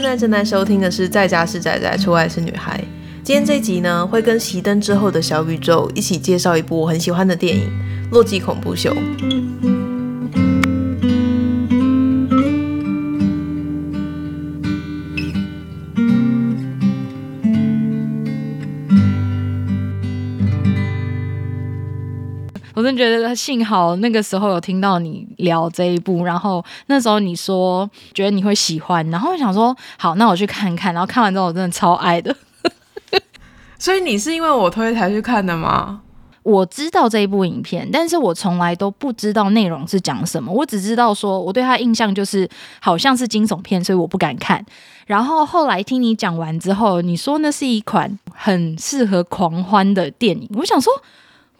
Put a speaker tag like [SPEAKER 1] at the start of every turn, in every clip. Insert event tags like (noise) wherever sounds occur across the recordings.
[SPEAKER 1] 現在正在收聽的是《在家是宅宅，出外是女孩》。今天這集呢，會跟熄燈之後的小宇宙一起介紹一部我很喜歡的電影《洛基恐怖秀》。
[SPEAKER 2] 我真覺得幸好那個時候有聽到你聊這一部，然後那時候你說覺得你會喜歡，然後我想說好，那我去看看，然後看完之後我真的超愛的。 (laughs) 所以你是因為我推才去看的嗎？我知道這一部影片，但是我從來都不知道內容是講什麼，我只知道說我對他印象就是好像是驚悚片，所以我不敢看。然後後來聽你講完之後，你說那是一款很適合狂歡的電影，我想說。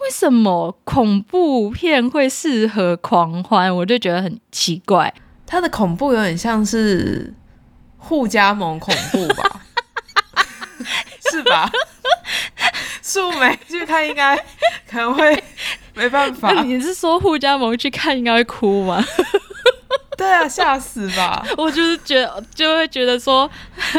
[SPEAKER 2] 為什麼恐怖片會
[SPEAKER 1] 適合狂歡？我就覺得很奇怪。它的恐怖有點像是互加盟恐怖吧？ (laughs) 是吧？素 (laughs) (laughs) 梅，去看應該可能會沒辦法。你是說互加盟去看應該會哭嗎？ (laughs) 對啊，嚇死吧！我就是覺得就會覺得說，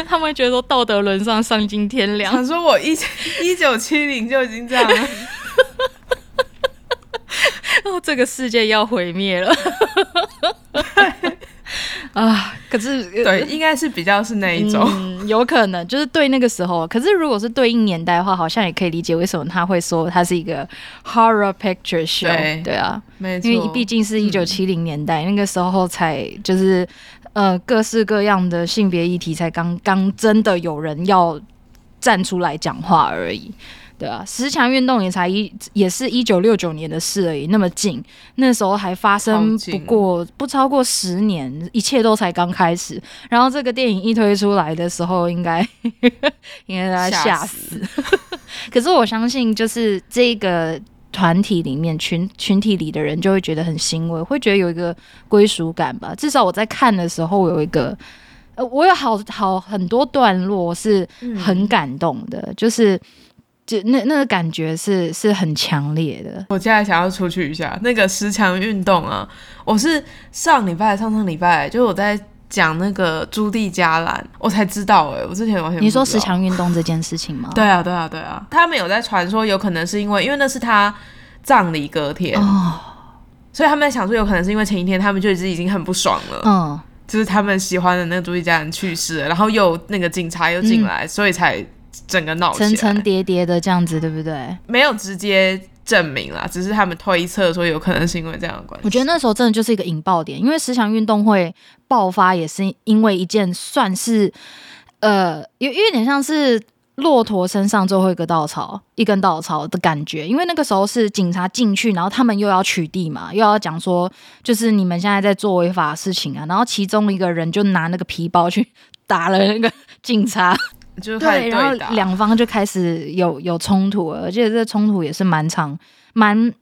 [SPEAKER 1] 他們會覺得說道德淪喪、喪盡天良。你說我一一九七零就已經這樣了。 (laughs) (laughs) 哦，這
[SPEAKER 2] 個世界要毀滅了！ (laughs) 啊，可是對，呃、應
[SPEAKER 1] 該是比較是那一種，嗯、
[SPEAKER 2] 有可能就是對那個時候。可是如果是對應年代的話，好像也可以理解為什麼他會說他是一個 horror picture show 對。對啊，沒錯錯，因為畢竟是一九七零年代，嗯、那個時候才就是呃，各式各樣的性別議題才剛剛真的有人要站出來講話而已。對啊，石牆運動也才一也是一九六九年的事而已，那麼近，那時候還發生不過超近不超過十年，一切都才剛開始。然後這個電影一推出來的時候應， (laughs) 應該應該嚇死。死 (laughs) 可是我相信，就是這個團體裡面群群體裡的人，就會覺得很欣慰，會覺得有一個歸屬感吧。至少我在看的時候，有一個呃，我有好好很多段落是很感動的，嗯、就是。
[SPEAKER 1] 那那個感覺是是很強烈的。我現在想要出去一下，那個石牆運動啊，我是上禮拜、上上禮拜，就是我在講那個茱蒂嘉蘭，我才知道哎、欸，我之前完全。你說石
[SPEAKER 2] 牆運動這件事情嗎？ (laughs) 對啊，對啊，
[SPEAKER 1] 對啊，他們有在傳說，有可能是因為，因為那是他葬禮隔天哦。
[SPEAKER 2] Oh.
[SPEAKER 1] 所以他們在想說，有可能是因為前一天他們就已經很不爽了，嗯，oh. 就是他們喜歡的那個茱蒂嘉蘭去世了，然後又那個警察又進來，嗯、所以才。整個腦層層疊
[SPEAKER 2] 疊的這樣子，對不對？
[SPEAKER 1] 沒有直接證明啦，只是他們推測說有可能是因為這樣的關係。我
[SPEAKER 2] 覺得那時候真的就是一個引爆點，因為石牆運動會爆發也是因為一件算是呃，有有點像是駱駝身上最後一個稻草一根稻草的感覺，因為那個時候是警察進去，然後他們又要取締嘛，又要講說就是你們現在在做違法的事情啊，然後其中一個人就拿那個皮包去打了那個警察。
[SPEAKER 1] 就對，對，然後兩
[SPEAKER 2] 方就開始有有衝突，而且這個衝突也是蠻長蠻。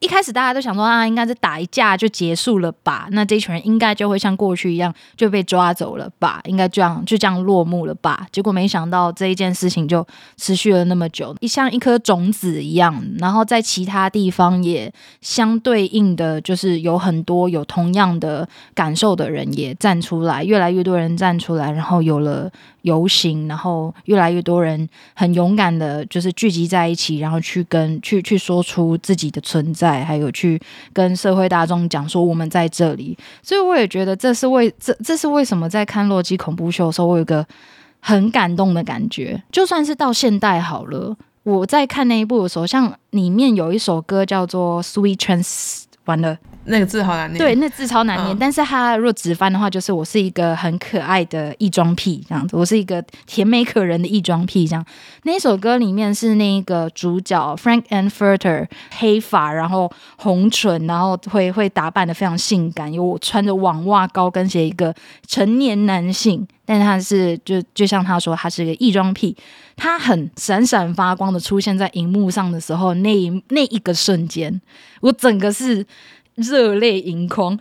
[SPEAKER 2] 一開始大家都想說啊，應該是打一架就結束了吧？那這一群人應該就會像過去一樣就被抓走了了吧？應該這樣就這樣落幕了吧？結果沒想到這一件事情就持續了那麼久，一像一顆種子一樣，然後在其他地方也相對應的，就是有很多有同樣的感受的人也站出來，越來越多人站出來，然後有了遊行，然後越來越多人很勇敢的，就是聚集在一起，然後去跟，去，去說出自己的存在。還有去跟社會大眾講說我們在這裡，所以我也覺得這是為這，這是為什麼在看《洛基恐怖秀》的時候，我有一個很感動的感覺。就算是到現代好了，我在看那一部的時候，像裡面有一首歌叫做《Sweet Transvestite》完
[SPEAKER 1] 了。那個字好難念，對，那個
[SPEAKER 2] 字超難念。嗯，但是他如果直翻的話，就是我是一個很可愛的異裝癖這樣子，我是一個甜美可人的異裝癖這樣。那一首歌裡面是那個主角 Frank and Furter，黑髮，然後紅唇，然後會會打扮得非常性感，有我穿着網襪高跟鞋一個成年男性。但是他是就就像他說，他是一個異裝癖，他很閃閃發光的出現在熒幕上的時候，那那一個瞬間，我整個是。
[SPEAKER 1] 熱淚盈眶，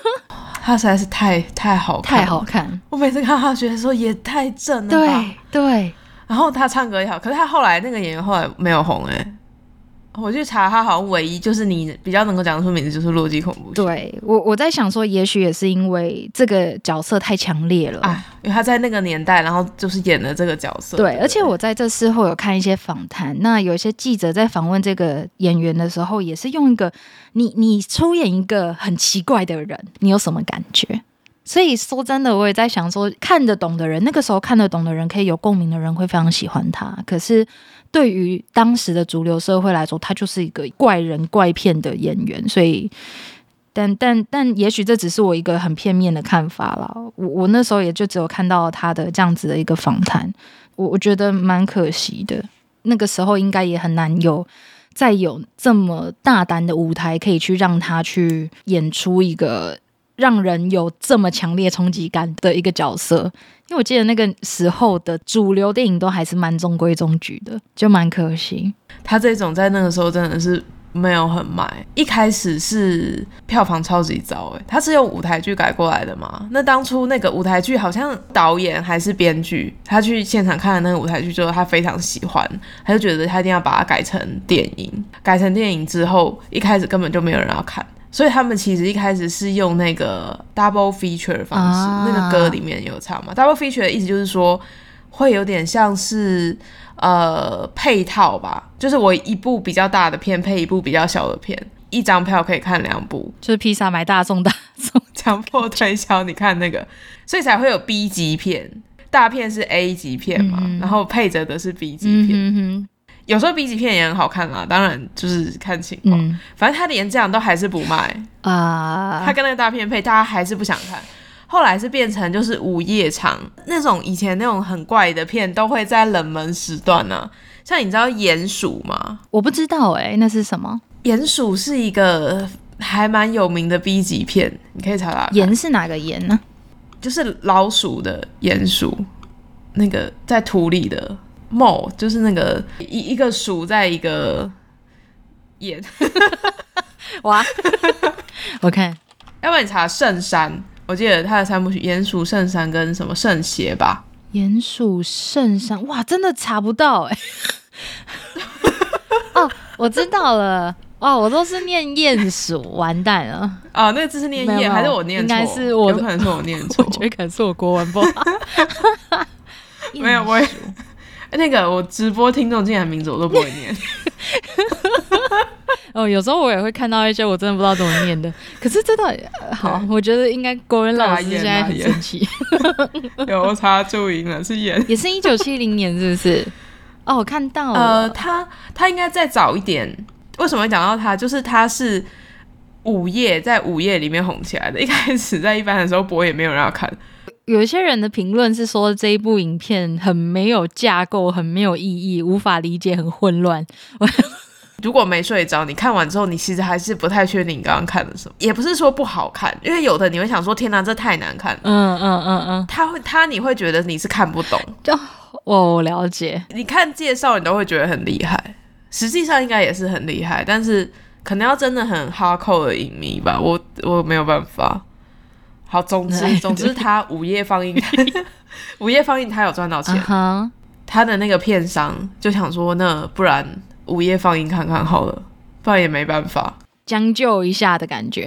[SPEAKER 1] (laughs) 他實在是太太好，太好看，太好看！我每次看到他覺得說也太正了吧，對對。對然後他唱歌也好，可是他後來那個演員後來沒有紅哎、欸。我去查他，好像唯一就是你比較能夠講出名字就是《洛基恐怖》
[SPEAKER 2] 對。對我，我在想說，也許也是因為這個角色太強烈了啊，
[SPEAKER 1] 因為他在那個年代，然後就是演了這個角色。對，而
[SPEAKER 2] 且我在這事後有看一些訪談，那有一些記者在訪問這個演員的時候，也是用一個你你出演一個很奇怪的人，你有什麼感覺？所以說真的，我也在想說，看得懂的人，那個時候看得懂的人，可以有共鳴的人，會非常喜歡他。可是。對於當時的主流社會來說，他就是一個怪人怪片的演員，所以，但但但，但也許這只是我一個很片面的看法了。我我那時候也就只有看到了他的這樣子的一個訪談，我我覺得蠻可惜的。那個時候應該也很難有再有這麼大膽的舞台可以去讓他去演出一個讓人有這麼強烈衝擊感的一個角色，因為我記得那個時候的主流電影都還是蠻中規中矩的，就蠻
[SPEAKER 1] 可惜。他這種在那個時候真的是沒有很賣。一開始是票房超級糟欸，他是用舞台劇改過來的嘛？那當初那個舞台劇好像導演還是編劇，他去現場看了那個舞台劇之後，他非常喜歡，他就覺得他一定要把它改成電影。改成電影之後，一開始根本就沒有人要看。所以他們其實一開始是用那個 double feature 的方式，啊、那個歌裡面有唱嘛。double feature 的意思就是說，會有點像是呃配套吧，就是我一部比較大的片配一部比較小的片，一張票可以看兩部，就是披薩買大送大，強 (laughs) 迫推銷。你看那個，所以才會有 B 級片，大片是 A 級片嘛，嗯、然後配着的是 B 級片。嗯哼哼有時候 B 級片也很好看啊，當然就是看情況。嗯、反正他連這樣都還是不賣啊，呃、他跟那個大片配，大家還是不想看。後來是變成就是午夜場那種，以前那種很怪的片都會在冷門時段呢、啊。嗯、像你知道鼴鼠嗎？我不知道哎、欸，那是什麼？鼴鼠是一個還蠻有名的 B 級片，你可以查查。鼴是哪個鼴呢？就是老鼠的鼴鼠，那個在土裡的。帽就是那個一一個鼠在一個眼，yeah. (laughs) 哇！我看，要不然你查聖山，我記得它的三部曲《鼴鼠聖山》跟什麼《聖邪》吧，
[SPEAKER 2] 《鼴鼠聖山》，哇，真的查不到哎、欸。 (laughs) (laughs) 哦，我知道了，哇，我都是念鼴鼠，完
[SPEAKER 1] 蛋了哦，那個字是念鼴還是我念錯？應該是我，有可能是我念錯，最可能是我國文不好。沒有，我。欸、那個我直播聽眾竟然名字我都不會念， (laughs) (laughs) 哦，有時候我也會看到一些我真的不知道怎麼
[SPEAKER 2] 念的。可是這倒、嗯、好，我覺得應該國文老師現在很神奇
[SPEAKER 1] (laughs) 有差注音了，是演也是一九七零年是不是？ (laughs) 哦，我看到了，呃，他他應該再早一點。為什麼講到他？就是他是午夜在午夜裡面紅起來的，一開始在一般的時候播也沒有人要看。有一些人的評論是說，這一部影片很沒有架構，很沒有意義，無法理解，很混亂。 (laughs) 如果沒睡着，你看完之後，你其實還是不太確定你剛剛看的什麼。也不是說不好看，因為有的你會想說：“天哪、啊，這太難看了。”嗯嗯嗯嗯嗯，嗯他會他你會覺得你是看不懂。就，我了解。你看介紹，你都會覺得很厲害，實際上應該也是很厲害，但是可能要真的很哈扣的影迷吧，我我沒有辦法。好，總之，總之，他午夜放映， (laughs) 午夜放映，他有賺到錢。Uh huh. 他的那個片商就想說，那不然午夜放映看看好了，不然也沒辦法，將就一下的感覺。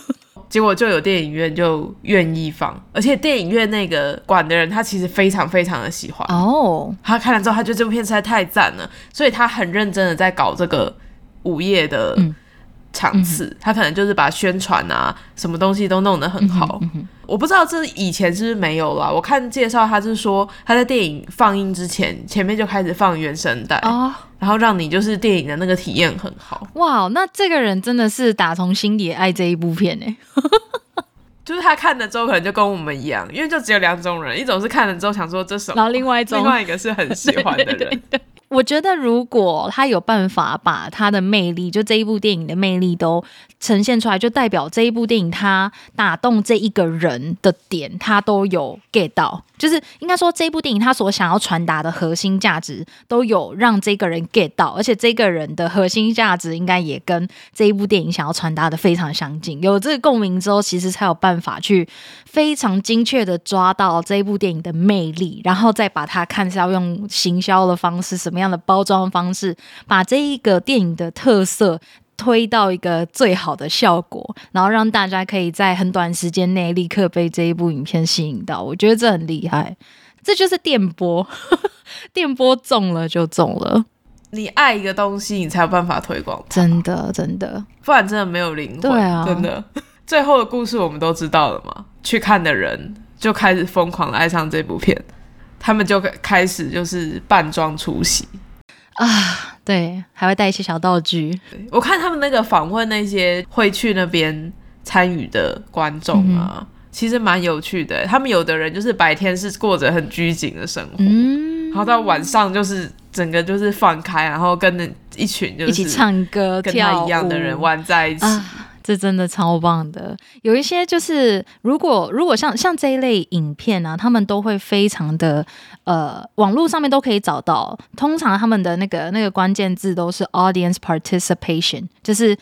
[SPEAKER 1] (laughs) 結果就有電影院就願意放，而且電影院那個管的人，他其實非常非常的喜歡哦。Oh. 他看了之後，他覺得這部片實在太贊了，所以他很認真的在搞這個午夜的。嗯。場次，他可能就是把宣傳啊，什麼東西都弄得很好。嗯嗯、我不知道這以前是不是沒有啦。我看介紹，他是說他在電影放映之前，前面就開始放原聲帶，哦、然後讓你就是電影的那個體驗很好。
[SPEAKER 2] 哇，那這個人真的是打從心底愛這一部片呢、欸，
[SPEAKER 1] (laughs) 就是他看了之後可能就跟我們一樣，因為就只有兩種人，一種是看了之後想說這首，然後另外一種另外一個是很喜歡的人。 (laughs) 對對對對。
[SPEAKER 2] 我覺得，如果他有辦法把他的魅力，就這一部電影的魅力都呈現出來，就代表這一部電影他打動這一個人的點，他都有 get 到。就是應該說，這部電影他所想要傳達的核心價值都有讓這個人 get 到，而且這個人的核心價值應該也跟這一部電影想要傳達的非常相近。有這個共鳴之後，其實才有辦法去非常精確的抓到這一部電影的魅力，然後再把它看成要用行銷的方式，什麼樣的包裝方式，把這一個電影的特色。推到一個最好的效果，然後讓大家可以在很短時間內立刻被這一部影片吸引到，我覺得這很厲害。這就是電波，呵呵，電波中了就中了。
[SPEAKER 1] 你愛一個東西，你才有辦法推廣。真的，真的，不然真的沒有靈魂。對啊，真的，最後的故事我們都知道了嘛？去看的人就開始瘋狂的愛上這部片，他們就開始就是扮裝出席。
[SPEAKER 2] 啊，對，還會帶一些小道具。
[SPEAKER 1] 我看他們那個訪問那些會去那邊參與的觀眾啊，嗯嗯其實蠻有趣的。他們有的人就是白天是過着很拘謹的生活，嗯、然後到晚上就是整個就是放開，然後跟一群就是一起唱
[SPEAKER 2] 歌、跟他一樣的人玩
[SPEAKER 1] 在一起。一起這真的超棒的，
[SPEAKER 2] 有一些就是，如果如果像像這一類影片啊，他們都會非常的呃，網絡上面都可以找到。通常他們的那個那個關鍵字都是 audience participation，就是。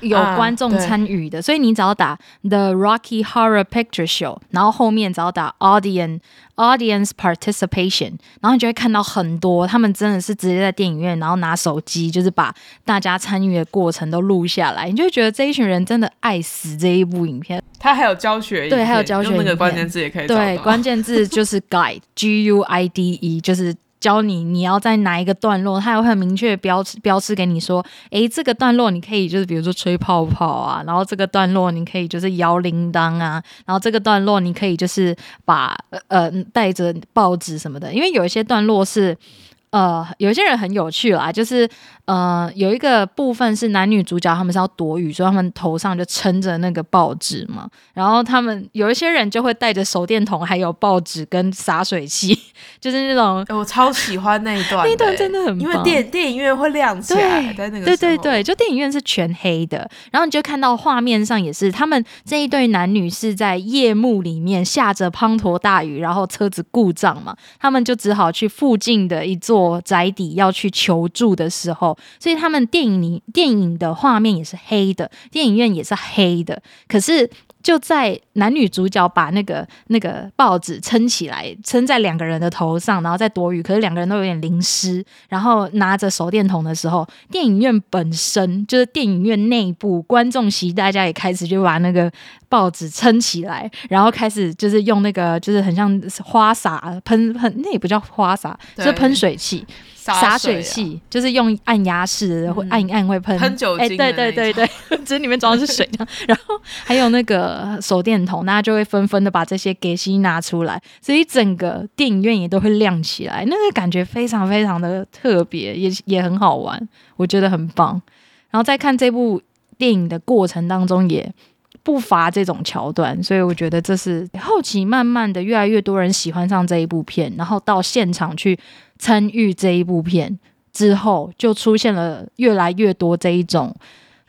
[SPEAKER 2] 有觀眾參與的，啊、所以你只要打 The Rocky Horror Picture Show，然後後面只要打 Audience Audience Participation，然後你就會看到很多他們真的是直接在電影院，然後拿手機就是把大家參與的過程都錄下來。你就會覺得這一群人真的愛
[SPEAKER 1] 死這一部影片。他還有教學，對，還有教學。那個關鍵字也可以，對，關鍵字就
[SPEAKER 2] 是 Guide (laughs) G U I D E，就是。教你，你要在哪一個段落，他也會很明確標示標示給你說，誒，這個段落你可以就是比如說吹泡泡啊，然後這個段落你可以就是搖鈴鐺啊，然後這個段落你可以就是把呃帶着報紙什麼的，因為有一些段落是呃有一些人很有趣啦，就是。呃，有一個部分是男女主角他們是要躲雨，所以他們頭上就撐着那個報紙嘛。然後他們有一些人就會帶着手電筒，還有報紙跟
[SPEAKER 1] 灑水器，就是那種、欸、我超喜歡那一段、欸， (laughs) 那一段真的很棒、欸，因為電電影院會亮起來，對在那個對對
[SPEAKER 2] 對，就電影院是全黑的，然後你就看到畫面上也是他們這一對男女是在夜幕裡面下着滂沱大雨，然後車子故障嘛，他們就只好去附近的一座宅邸要去求助的時候。所以他們電影裡電影的畫面也是黑的，電影院也是黑的。可是就在男女主角把那個那個報紙撐起來，撐在兩個人的頭上，然後在躲雨，可是兩個人都有點淋濕。然後拿着手電筒的時候，電影院本身就是電影院內部觀眾席，大家也開始就把那個報紙撐起來，然後開始就是用那個就是很像花灑噴噴，那也不叫花灑，對 是噴水器。灑水器水、啊、就是用按壓式的，會按一按會噴。噴酒精。哎、欸，對對對對，這 (laughs) 裡面裝的是水。 (laughs) 然後還有那個手電筒，大家 (laughs) 就會紛紛的把這些給西拿出來，所以整個電影院也都會亮起來，那個感覺非常非常的特別，也也很好玩，我覺得很棒。然後在看這部電影的過程當中，也不乏這種橋段，所以我覺得這是後期慢慢的越來越多人喜歡上這一部片，然後到現場去。參與這一部片之後，就出現了越來越多這一種，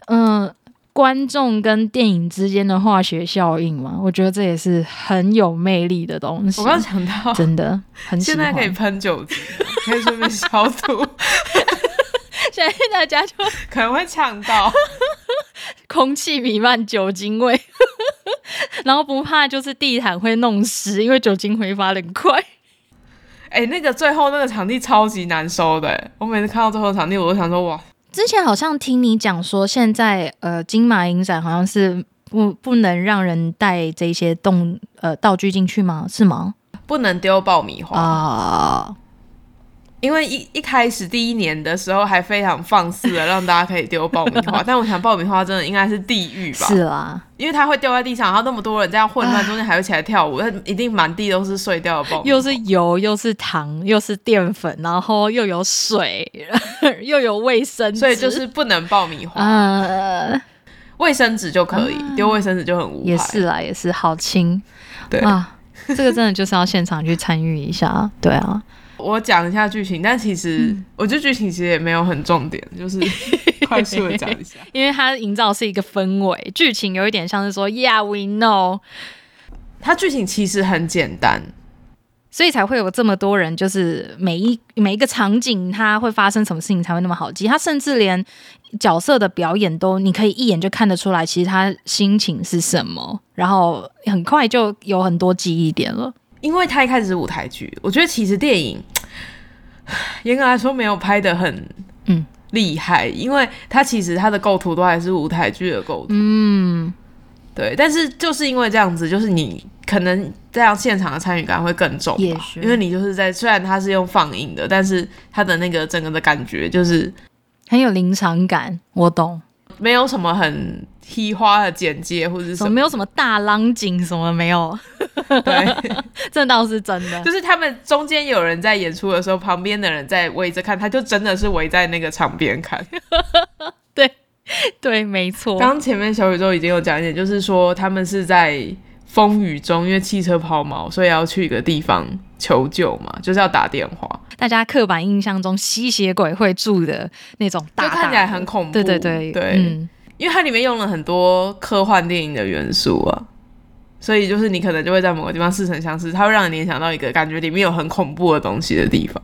[SPEAKER 2] 嗯、呃，觀眾跟電影之間的化學效應嘛。我覺得這也是很有魅力的東西。我剛講
[SPEAKER 1] 到，真的很喜歡。現在可以噴酒精，可以順便消毒。現在大家就可能會嗆到， (laughs) 空氣瀰漫酒精味， (laughs) 然後不怕就是地毯會弄濕，因為酒精揮發得很快。哎、欸，那個最後那個場地超級難收的、欸，我每次看到最後的場地，我都想說哇！
[SPEAKER 2] 之前好像聽你講說，現在呃，金馬影展好像是不不能讓人帶這些動呃道具進去嗎？是嗎？
[SPEAKER 1] 不能丟爆米
[SPEAKER 2] 花啊！哦
[SPEAKER 1] 因為一一開始第一年的時候還非常放肆的讓大家可以丟爆米花， (laughs) 但我想爆米花真的應該是地獄吧？是啊啦，因為它會掉在地上，然後那麼多人在混亂、啊、中間還會起來跳舞，那一定滿地都是碎掉的爆米花。又是油，又是
[SPEAKER 2] 糖，又是澱粉，然後又有水，又有，
[SPEAKER 1] 水又有衛生紙，所以就是不能爆米花。
[SPEAKER 2] 呃、啊，衛生紙就可以、啊、丟，衛生紙就很無害。也是啦，也是好輕。對啊，哇 (laughs) 這個真的就是要現場去參與一下。對啊。
[SPEAKER 1] 我講一下劇情，但其實我覺得劇情其實也沒有很重點，嗯、就是快速的講一下， (laughs) 因為它營造的是一個氛圍，劇情有一
[SPEAKER 2] 點像是說 “Yeah, we know”。它劇情其實很簡單，所以才會有這麼多人，就是每一每一個場景它會發生什麼事情才會那麼好記。它甚至連角色的表演都，你可以一眼就看得出來，其實他心
[SPEAKER 1] 情是什麼，然後很快就有很多記憶點了。因為它一開始是舞台劇，我覺得其實電影嚴格來說沒有拍得很嗯厲害，嗯、因為它其實它的構圖都還是舞台劇的構圖，嗯，對。但是就是因為這樣子，就是你可能這樣現場的參與感會更重，也許因為你就是在雖然它是用放映的，但是它的那個整個的感覺就是
[SPEAKER 2] 很有臨場感，我懂，
[SPEAKER 1] 沒有什麼很。批花的簡介或者什麼，沒有什麼大浪景什麼沒有，對，這倒是真的。就是他們中間有人在演出的時候，旁邊的人在圍着看，他就真的是圍在那個場邊看。對對，沒錯。剛前面小宇宙已經有講一點，就是說他們是在風雨中，因為汽車拋錨，所以要去一個地方求救嘛，就是要打電話。
[SPEAKER 2] 大家刻板印象中吸血鬼會住的
[SPEAKER 1] 那種，就看起來很恐怖。對對對對，嗯。因為它裡面用了很多科幻電影的元素啊，所以就是你可能就會在某個地方似曾相識，它會讓你聯想到一個感覺裡面有很恐怖的東西的地方。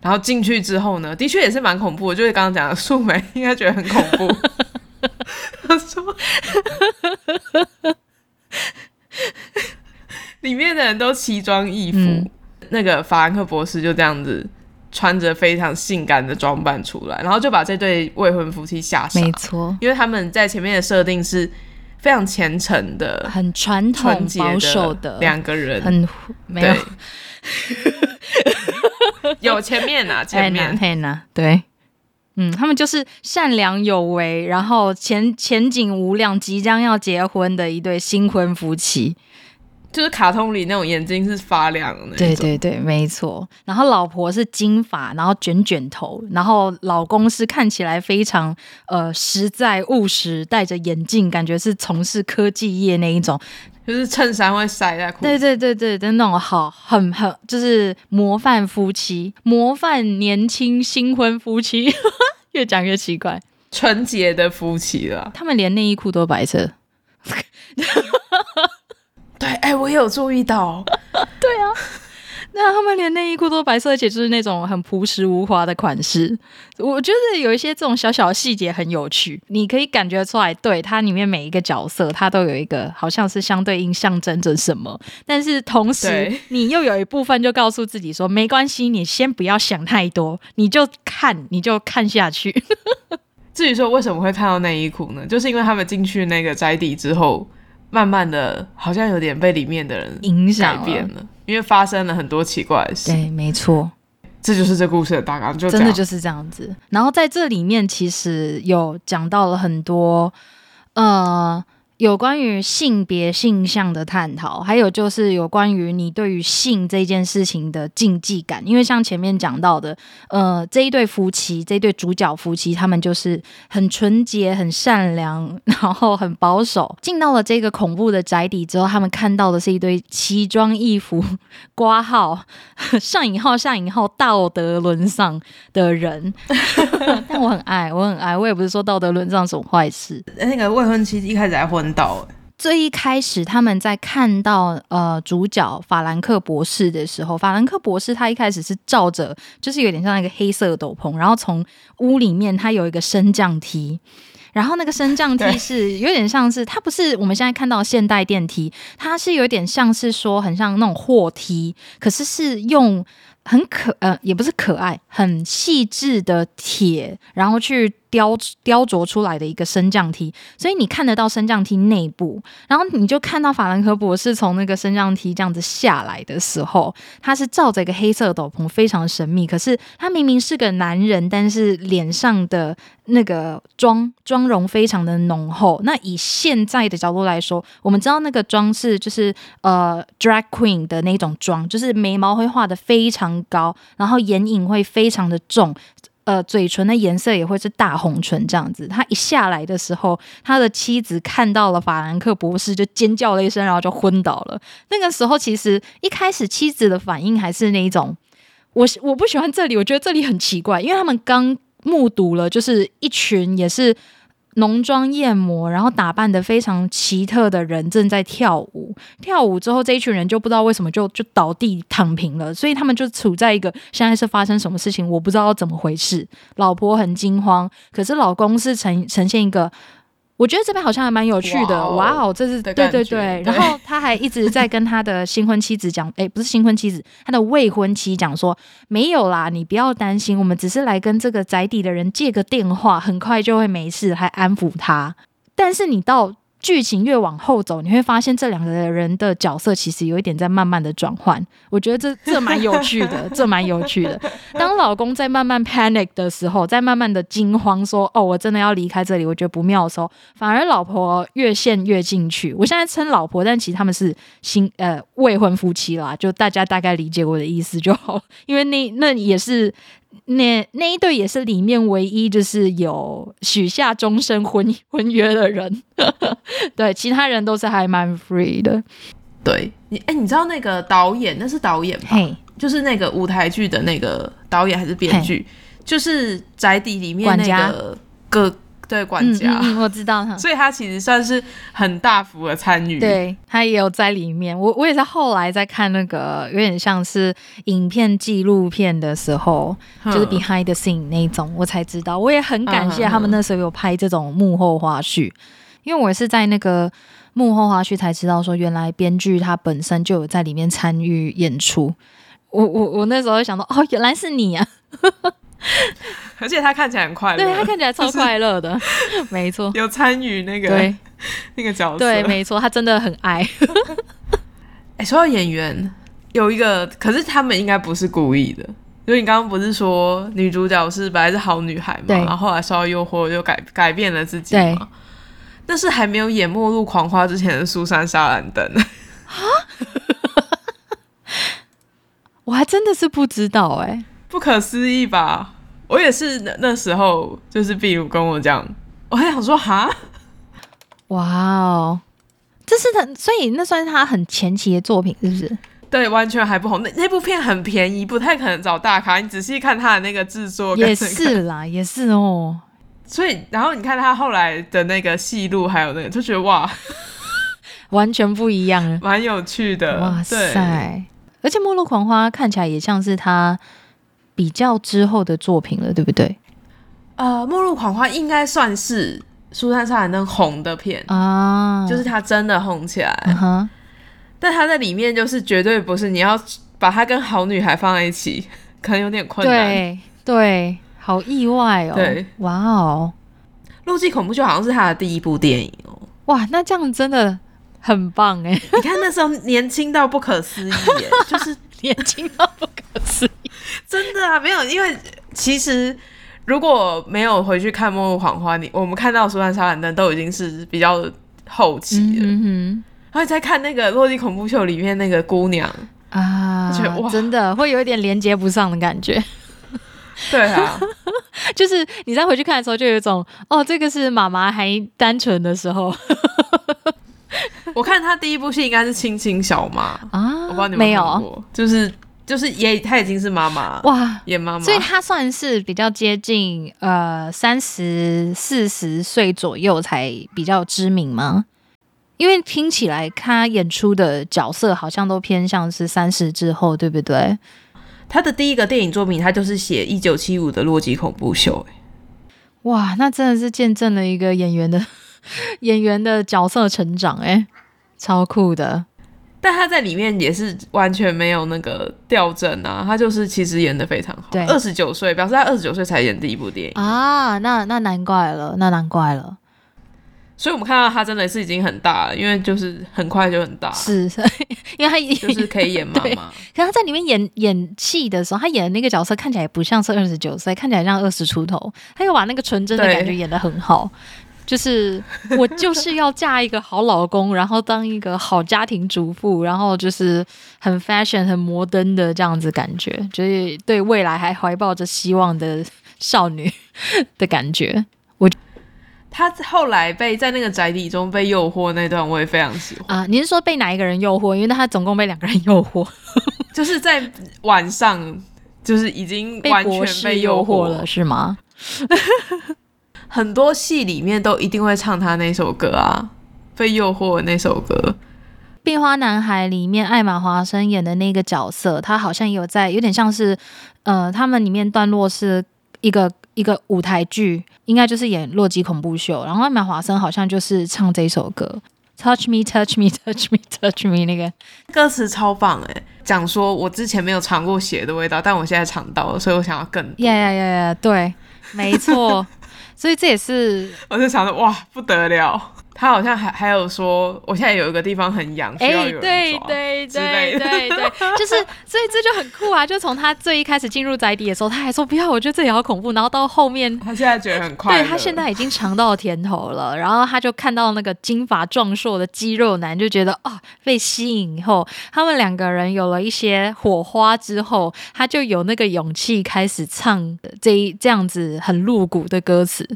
[SPEAKER 1] 然後進去之後呢，的確也是蠻恐怖的，就是剛剛講的樹莓應該覺得很恐怖。說， (laughs) (laughs) 裡面的人都奇裝異服，嗯、那個法蘭克博士就這樣子。穿着非常性感的裝扮出來，然後就把這對未婚夫妻嚇死，沒錯，因為他們在前面的設定是非常虔誠的、很傳統保守的，的兩個人，很沒有。有前面啊，前面，hey na, hey na, 對，嗯，
[SPEAKER 2] 他們就是善良有為，然後前前景無量，即將要結婚的一對新婚夫妻。
[SPEAKER 1] 就是卡通裡那種眼睛是發亮的，對對
[SPEAKER 2] 對，沒錯。然後老婆是金髮，然後捲捲頭，然後老公是看起來非常呃實在務實，戴着眼鏡，感覺是從事科技業那一種，就是襯衫會塞在褲子。對對對對，真、就是、那種好很很，就是模範夫妻，模範年輕新婚夫妻，
[SPEAKER 1] (laughs) 越講越奇怪，純潔的夫妻了，
[SPEAKER 2] 他們連內衣褲都白色。 (laughs) 對，哎、欸，我也有注意到， (laughs) 對啊，那他們連內衣褲都白色，而且就是那種很樸實無華的款式。我覺得有一些這種小小的細節很有趣，你可以感覺出來，對，它裡面每一個角色，它都有一個好像是相對應象徵着什麼。但是同時，對你又有一部分就告訴自己說，沒關係，你先不要想太多，你就看，你就看下去。
[SPEAKER 1] (laughs) 至於說為什麼會看到內衣褲呢？就是因為他們進去那個宅邸之後。慢慢的好像有點被裡面的人影響改變了，了因為發生了很多奇怪的事。對，沒錯，這就是這故事的大綱，剛剛就真的就是這
[SPEAKER 2] 樣子。然後在這裡面其實有講到了很多，呃。有關於性別性向的探討，還有就是有關於你對於性這件事情的禁忌感，因為像前面講到的，呃，這一對夫妻，這一對主角夫妻，他們就是很純潔、很善良，然後很保守。進到了這個恐怖的宅邸之後，他們看到的是一堆奇裝異服、括號上引號上引號道德淪喪的人。 (laughs) (laughs) 但我很愛，我很愛，我也不是說道德淪喪什麼壞事。那個未婚妻一開始還婚。到最一開始，他們在看到呃主角法蘭克博士的時候，法蘭克博士他一開始是罩著，就是有點像那個黑色的斗篷，然後從屋裡面他有一個升降梯，然後那個升降梯是有點像是， (laughs) 它不是我們現在看到現代電梯，它是有點像是說很像那種貨梯，可是是用很可呃也不是可愛，很細緻的鐵，然後去。雕雕琢出來的一個升降梯，所以你看得到升降梯內部，然後你就看到法蘭克博士從那個升降梯這樣子下來的時候，他是罩着一個黑色斗篷，非常的神秘。可是他明明是個男人，但是臉上的那個妝妝容非常的濃厚。那以現在的角度來說，我們知道那個妝是就是呃 drag queen 的那種妝，就是眉毛會畫得非常高，然後眼影會非常的重。呃，嘴唇的顏色也會是大紅唇這樣子。他一下來的時候，他的妻子看到了法蘭克博士，就尖叫了一聲，然後就昏倒了。那個時候，其實一開始妻子的反應還是那一種，我我不喜歡這裡，我覺得這裡很奇怪，因為他們剛目睹了，就是一群也是。濃妝艷抹，然後打扮得非常奇特的人正在跳舞，跳舞之後這一群人就不知道為什麼就就倒地躺平了，所以他們就處在一個現在是發生什麼事情，我不知道怎麼回事。老婆很驚慌，可是老公是呈呈現一個。我覺得這邊好像還蠻有趣的，哇哦，這是對對對，對，然後他還一直在跟他的新婚妻子講， (laughs) 誒，不是新婚妻子，他的未婚妻講說，沒有啦，你不要擔心，我們只是來跟這個宅邸的人借個電話，很快就會沒事，還安撫他，但是你到。劇情越往後走，你會發現這兩個人的角色其實有一點在慢慢的轉換。我覺得這這蠻有趣的，這蠻有趣的。當老公在慢慢 panic 的時候，在慢慢的驚慌說：“哦，我真的要離開這裡，我覺得不妙”的時候，反而老婆越陷越進去。我現在稱老婆，但其實他們是新呃未婚夫妻啦，就大家大概理解我的意思就好。因為那那也是。那那一對也是裡面唯一就是有許下終身婚婚約的人， (laughs) 對，
[SPEAKER 1] 其他人都是還蠻 free 的。對你，哎、欸，你知道那個導演，那是導演嗎？Hey, 就是那個舞台劇的那個導演還是編劇？Hey, 就是宅邸裡面那個個。對，管家，嗯嗯嗯、我知道他，嗯、所以他其實算是很大幅的參與，對
[SPEAKER 2] 他也有在裡面。我我也是後來在看那個有點像是影片紀錄片的時候，
[SPEAKER 1] 嗯、就是 behind
[SPEAKER 2] the scene 那種，我才知道。我也很感謝他們那時候有拍這種幕後花絮，嗯、因為我是在那個幕後花絮才知道說，原來編劇他本身就有在裡面參與演出。我我我那時候想到，哦，原來是你呀、啊！ (laughs)
[SPEAKER 1] (laughs) 而且他看起來很快樂，對他看起來超快樂的，沒錯。有參與那個對 (laughs) 那個角色，對，沒錯，他真的很愛。哎、 (laughs) 欸，說到演員，有一個，可是他們應該不是故意的，因為你剛剛不是說女主角是本來是好女孩嘛，對然後後來受到誘惑又改改變了自己對，但是還沒有演《末路狂花》之前的蘇珊·莎蘭登，我還真的是不知道哎、欸。不可思議吧？我也是那那時候，就是比如跟我講，我還想說哈，
[SPEAKER 2] 哇哦，wow, 這是他，所以那算是他很前期的作品，是不是？
[SPEAKER 1] 對，完全還不紅。那那部片很便宜，不太可能找大咖。你仔細看他的那個制作、那個，也是
[SPEAKER 2] 啦，也是哦。
[SPEAKER 1] 所以，然後你看他後來的那個戲路，還有那個，就覺得哇，
[SPEAKER 2] (laughs) 完全不一樣了，
[SPEAKER 1] 蠻有趣的。哇塞！
[SPEAKER 2] 對而且《末路狂花》看起來也像是他。比較之後的作品了，對不對？
[SPEAKER 1] 呃，《末路狂花》應該算是舒珊莎反正紅的片啊，就是他真的紅起來。嗯、哼但他在裡面就是絕對不是，你要把他跟好女孩放在一起，可能有點困難。對
[SPEAKER 2] 對，好意外哦！對，
[SPEAKER 1] 哇哦，《洛基恐怖》就好像是他的第一部電影哦。哇，那這樣真的很棒哎！你看那時候年輕到不可思議耶， (laughs) 就是 (laughs) 年輕到不可思議。 (laughs) 真的啊，沒有，因為其實如果沒有回去看《末路狂花》，你我們看到蘇珊·莎蘭登都已經是比較後期了。還會、嗯嗯嗯、在看那個《洛基恐怖秀》裡面那個姑娘啊，你覺得真
[SPEAKER 2] 的會有一點連接不上的感覺。
[SPEAKER 1] 對啊，
[SPEAKER 2] (laughs) 就是你在回去看的時候，就有一種哦，這個是媽媽還單純的時候。
[SPEAKER 1] (laughs) 我看她第一部戲應該是《青青小媽》啊，我不知道你們有沒有看過，有就是。就是也，她已經是媽媽哇，演媽媽，所以她
[SPEAKER 2] 算是比較接近呃，三十四十歲左右才比較知名嗎？因為聽起來她演出的角色好像都偏向是三十之後，對不
[SPEAKER 1] 對？她的第一個電影作品，她就是寫一九七五的《洛基恐怖秀》欸
[SPEAKER 2] 哇，那真的是見證了一個演員的演員的角色成長誒、欸，超酷的。
[SPEAKER 1] 但他在裡面也是完全沒有那個調整啊，他就是其實演得非常好。對，二十九歲，表示他二十九歲才演第一部電影啊，
[SPEAKER 2] 那那難怪了，那難怪了。
[SPEAKER 1] 所以我們看到他真的是已經很大了，因為就是很快就很大。是，因為他就是可以演媽媽。 (laughs) 可是他在裡
[SPEAKER 2] 面演演戲的時候，他演的那個角色看起來也不像是二十九歲，看起來像二十出頭。他又把那個純真的感覺演得很好。就是我就是要嫁一個好老公，然後當一個好家庭主婦，然後就是很 fashion、很摩登的這樣子感覺，就是對未來還懷抱着希望的少女的感覺。我
[SPEAKER 1] 他後來被在那個宅邸中被誘惑那段，我也非常喜歡
[SPEAKER 2] 啊。您是說被哪一個人誘惑？因為他總共被兩個人誘惑，
[SPEAKER 1] 就是在晚上，就是已經完全被誘惑了，是嗎？ (laughs) 很多戲裡面都一定會唱他那首歌啊，《被誘惑》的那首歌，《壁花男孩》裡面艾
[SPEAKER 2] 瑪華森演的那個角色，他好像也有在，有點像是，呃，他們裡面段落是一個一個舞台劇，應該就是演《洛基恐怖秀》，然後艾瑪華森好像就是唱這首歌，《Touch Me, Touch Me, Touch Me, Touch Me》，那個
[SPEAKER 1] 歌詞超棒哎，欸，講說我之前沒有嘗過血的味道，但我現在嘗到了，所以我想要更，Yeah，yeah，yeah，yeah，yeah, yeah, yeah, 對，沒錯。 (laughs) 所以這也是，我就想着，哇，不得了。他好像還還有說，我現在有一個地方很癢，需要有人抓。哎、欸，對
[SPEAKER 2] 對對對對，對 (laughs) 就是所以這就很酷啊！就從他最一開始進入宅邸的時候，他還說不要，我覺得這裡好恐怖。然後到後面，他
[SPEAKER 1] 現在覺得很快。對他現
[SPEAKER 2] 在已經嚐到了甜頭了，然後他就看到那個金髮壯碩的肌肉男，就覺得哦、啊，被吸引以後，他們兩個人有了一些火花之後，他就有那個勇氣開始唱這一這樣子很露骨的歌詞。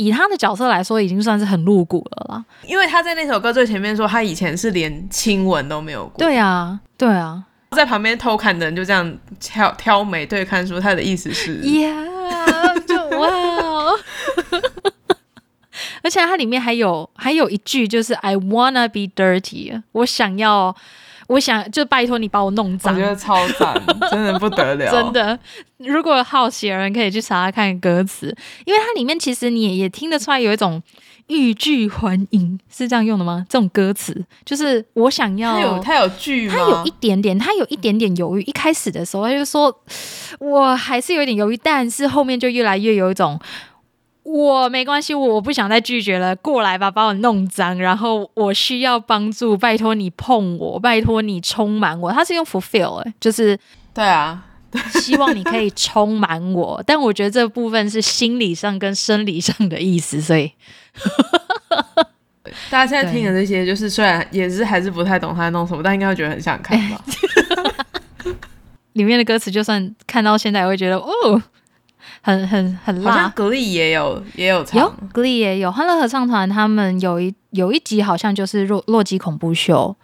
[SPEAKER 2] 以他的角色來說，已經算是很露骨了啦。
[SPEAKER 1] 因為他在那首歌最前面說，他以前是連親吻都沒有過。對
[SPEAKER 2] 啊，對啊，
[SPEAKER 1] 在旁邊偷看的人就這樣挑挑眉對看，說他的意思是， (laughs)
[SPEAKER 2] yeah, 就哇！
[SPEAKER 1] 而且他裡面還有還有一句，就是 I wanna
[SPEAKER 2] be dirty，我想要。我想就拜託你把我弄髒，我覺得超讚，
[SPEAKER 1] (laughs) 真的不得了。 (laughs) 真
[SPEAKER 2] 的，如果好奇的人可以去查查看歌詞，因為它裡面其實你也也聽得出來有一種欲拒還迎，是這樣用的嗎？這種歌詞就是我想要，他有他有拒嗎？他有一點點，他有一點點猶豫。嗯、一開始的時候他就說，我還是有點猶豫，但是後面就越來越有一種。我沒關係，我不想再拒絕了，過來吧，把我弄髒，然後我需要幫助，拜託你碰我，拜託你充滿我。它是用 fulfill，就是對啊，希望你可以充滿我。但我覺得這部分是心理上
[SPEAKER 1] 跟生理上的意思，所以 (laughs) 大家現在聽的這些，就是雖然也是還是不太懂他在弄什麼，但應該會覺得很想看吧。哎、
[SPEAKER 2] (laughs) 裡面的歌詞
[SPEAKER 1] 就算看到現在，也會覺得哦。很很很辣，好像 Glee 也有也有
[SPEAKER 2] 唱，Glee 也有歡樂合唱團，他們有一有一集好像就是《洛洛基恐怖秀》，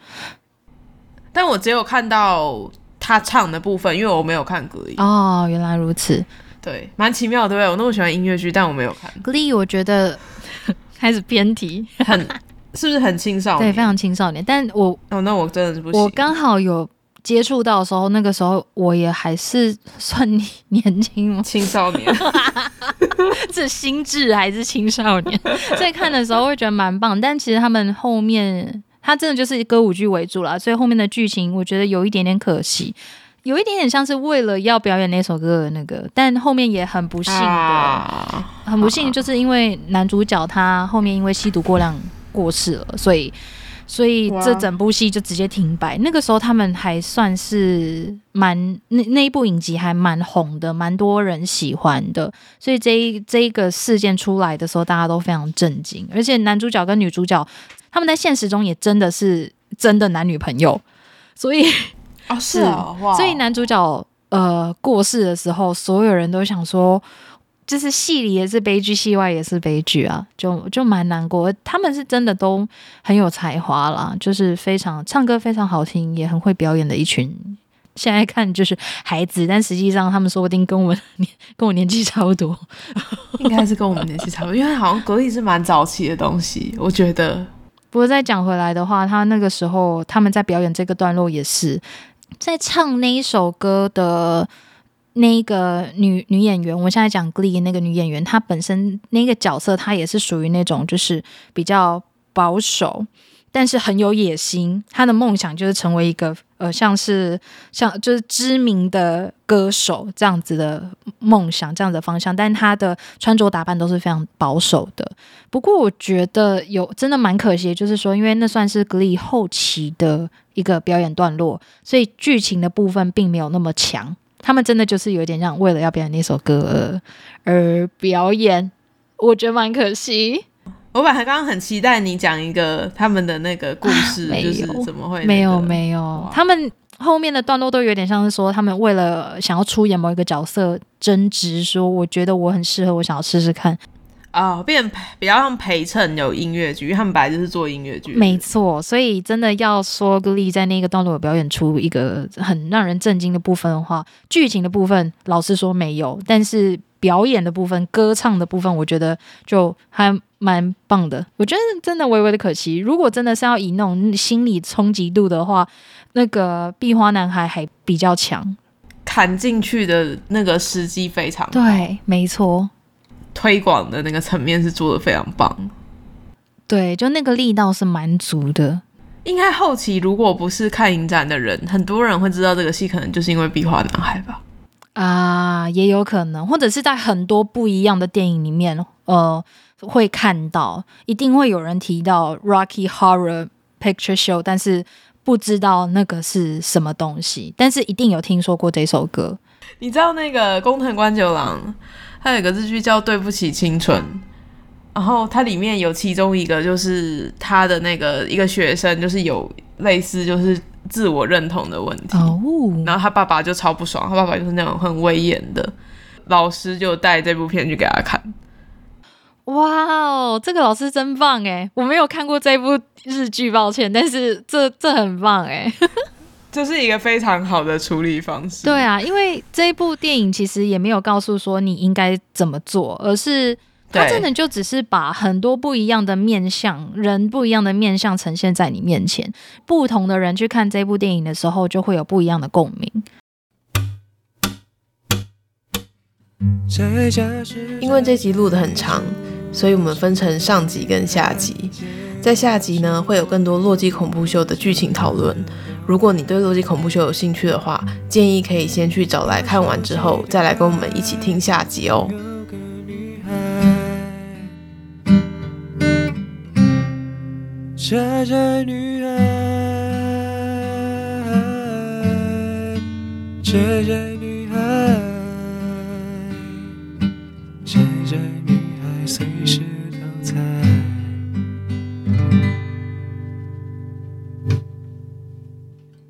[SPEAKER 1] 但我只有看到他唱的部分，因為我沒有看 Glee。
[SPEAKER 2] 哦，原來如此，
[SPEAKER 1] 對，蠻奇妙，對我那麼喜歡音樂劇，但我沒有看
[SPEAKER 2] Glee。我覺得開始偏題， (laughs) 很是不是很青少年？對，非常青少年。但我哦，那我真的是不喜歡。我剛好有。接觸到的時候，那個時候我也還是算你年年輕青少年，這 (laughs) 心智還是青少年。所以看的時候我會覺得蠻棒，但其實他們後面，他真的就是歌舞劇為主啦，所以後面的劇情我覺得有一點點可惜，有一點點像是為了要表演那首歌的那個，但後面也很不幸的，啊、很不幸就是因為男主角他後面因為吸毒過量過世了，所以。所以這整部戲就直接停擺。Wow. 那個時候他們還算是蠻那，那一部影集還蠻紅的，蠻多人喜歡的。所以這一這一個事件出來的時候，大家都非常震驚。而且男主角跟女主角他們在現實中也真的是真的男女朋友。所以啊、oh, 是啊，oh, wow. 所以男主角呃過世的時候，所有人都想說。就是戲裡也是悲劇，戲外也是悲劇啊，就就蠻難過。他們是真的都很有才華啦，就是非常唱歌非常好聽，也很會表演的一群。現在看就是孩子，但實際上他們說不定跟我年跟我年紀差不多， (laughs) 應該是跟我們年
[SPEAKER 1] 紀差不多， (laughs) 因為好像 Glee 是蠻早期的東西，我覺得。不
[SPEAKER 2] 過再講回來的話，他那個時候他們在表演這個段落，也是在唱那一首歌的。那一個女女演員，我現在講 Glee 那個女演員，她本身那個角色，她也是屬於那種就是比較保守，但是很有野心。她的夢想就是成為一個呃，像是像就是知名的歌手這樣子的夢想，這樣子的方向。但她的穿着打扮都是非常保守的。不過我覺得有真的蠻可惜，就是說，因為那算是 Glee 後期的一個表演段落，所以劇情的部分並沒有那麼強。他們真的就是有點像為了要表演那首歌而表演，
[SPEAKER 1] 我覺得蠻可惜。我本來剛剛很期待你講一個他們的那個故事，啊、沒有、就是怎麼會那個、沒有、沒
[SPEAKER 2] 有。他們後面的段落都有點像是說他們為了想要出演某一個角色爭執，說我覺得我很適合，我想要試試看。
[SPEAKER 1] 啊、哦，變比較像陪襯，有音樂劇，因為他們本來就是做音樂劇。沒
[SPEAKER 2] 錯，所以真的要說 Glee，在那個段落有表演出一個很讓人震驚的部分的話，劇情的部分老實說沒有，但是表演的部分、歌唱的部分，我覺得就還蠻棒的。我覺得真的微微的可惜，如果真的是要以那種心理衝擊度的話，那個壁花男孩還比較強，
[SPEAKER 1] 砍進去的那個時機非常對，沒錯。推廣的那個層面是做得非常棒，
[SPEAKER 2] 對，就那個力道是蠻足的。
[SPEAKER 1] 應該後期如果不是看影展的人，很多人會知道這個戲，可能就是因為壁花男孩吧。
[SPEAKER 2] 啊，也有可能，或者是在很多不一樣的電影裡面，呃，會看到，一定會有人提到《Rocky Horror Picture Show》，但是不知道那個是什麼東西，但是一定有聽說過這首歌。
[SPEAKER 1] 你知道那個宮藤官九郎？他有個日劇叫《對不起，青春》，然後它裡面有其中一個就是他的那個一個學生，就是有類似就是自我認同的問題。Oh. 然後他爸爸就超不爽，他爸爸就是那種很威嚴的老師，就帶這部片去給他看。
[SPEAKER 2] 哇哦，這個老師真棒哎！我沒有看過這部日劇，抱歉，但是這這很棒哎。 (laughs)
[SPEAKER 1] 這是一個非常好的處理方式。
[SPEAKER 2] 對啊，因為這部電影其實也沒有告訴說你應該怎麼做，而是他真的就只是把很多不一樣的面向、對人不一樣的面向呈現在你面前。不同的人去看這部電影的時候，就會有不一樣的共鳴。
[SPEAKER 1] 因為這集錄得很長，所以我們分成上集跟下集。在下集呢，會有更多《洛基恐怖秀》的劇情討論。如果你對洛基恐怖秀有興趣的話，建議可以先去找來看完之後，再來跟我們一起聽下集哦。 (music)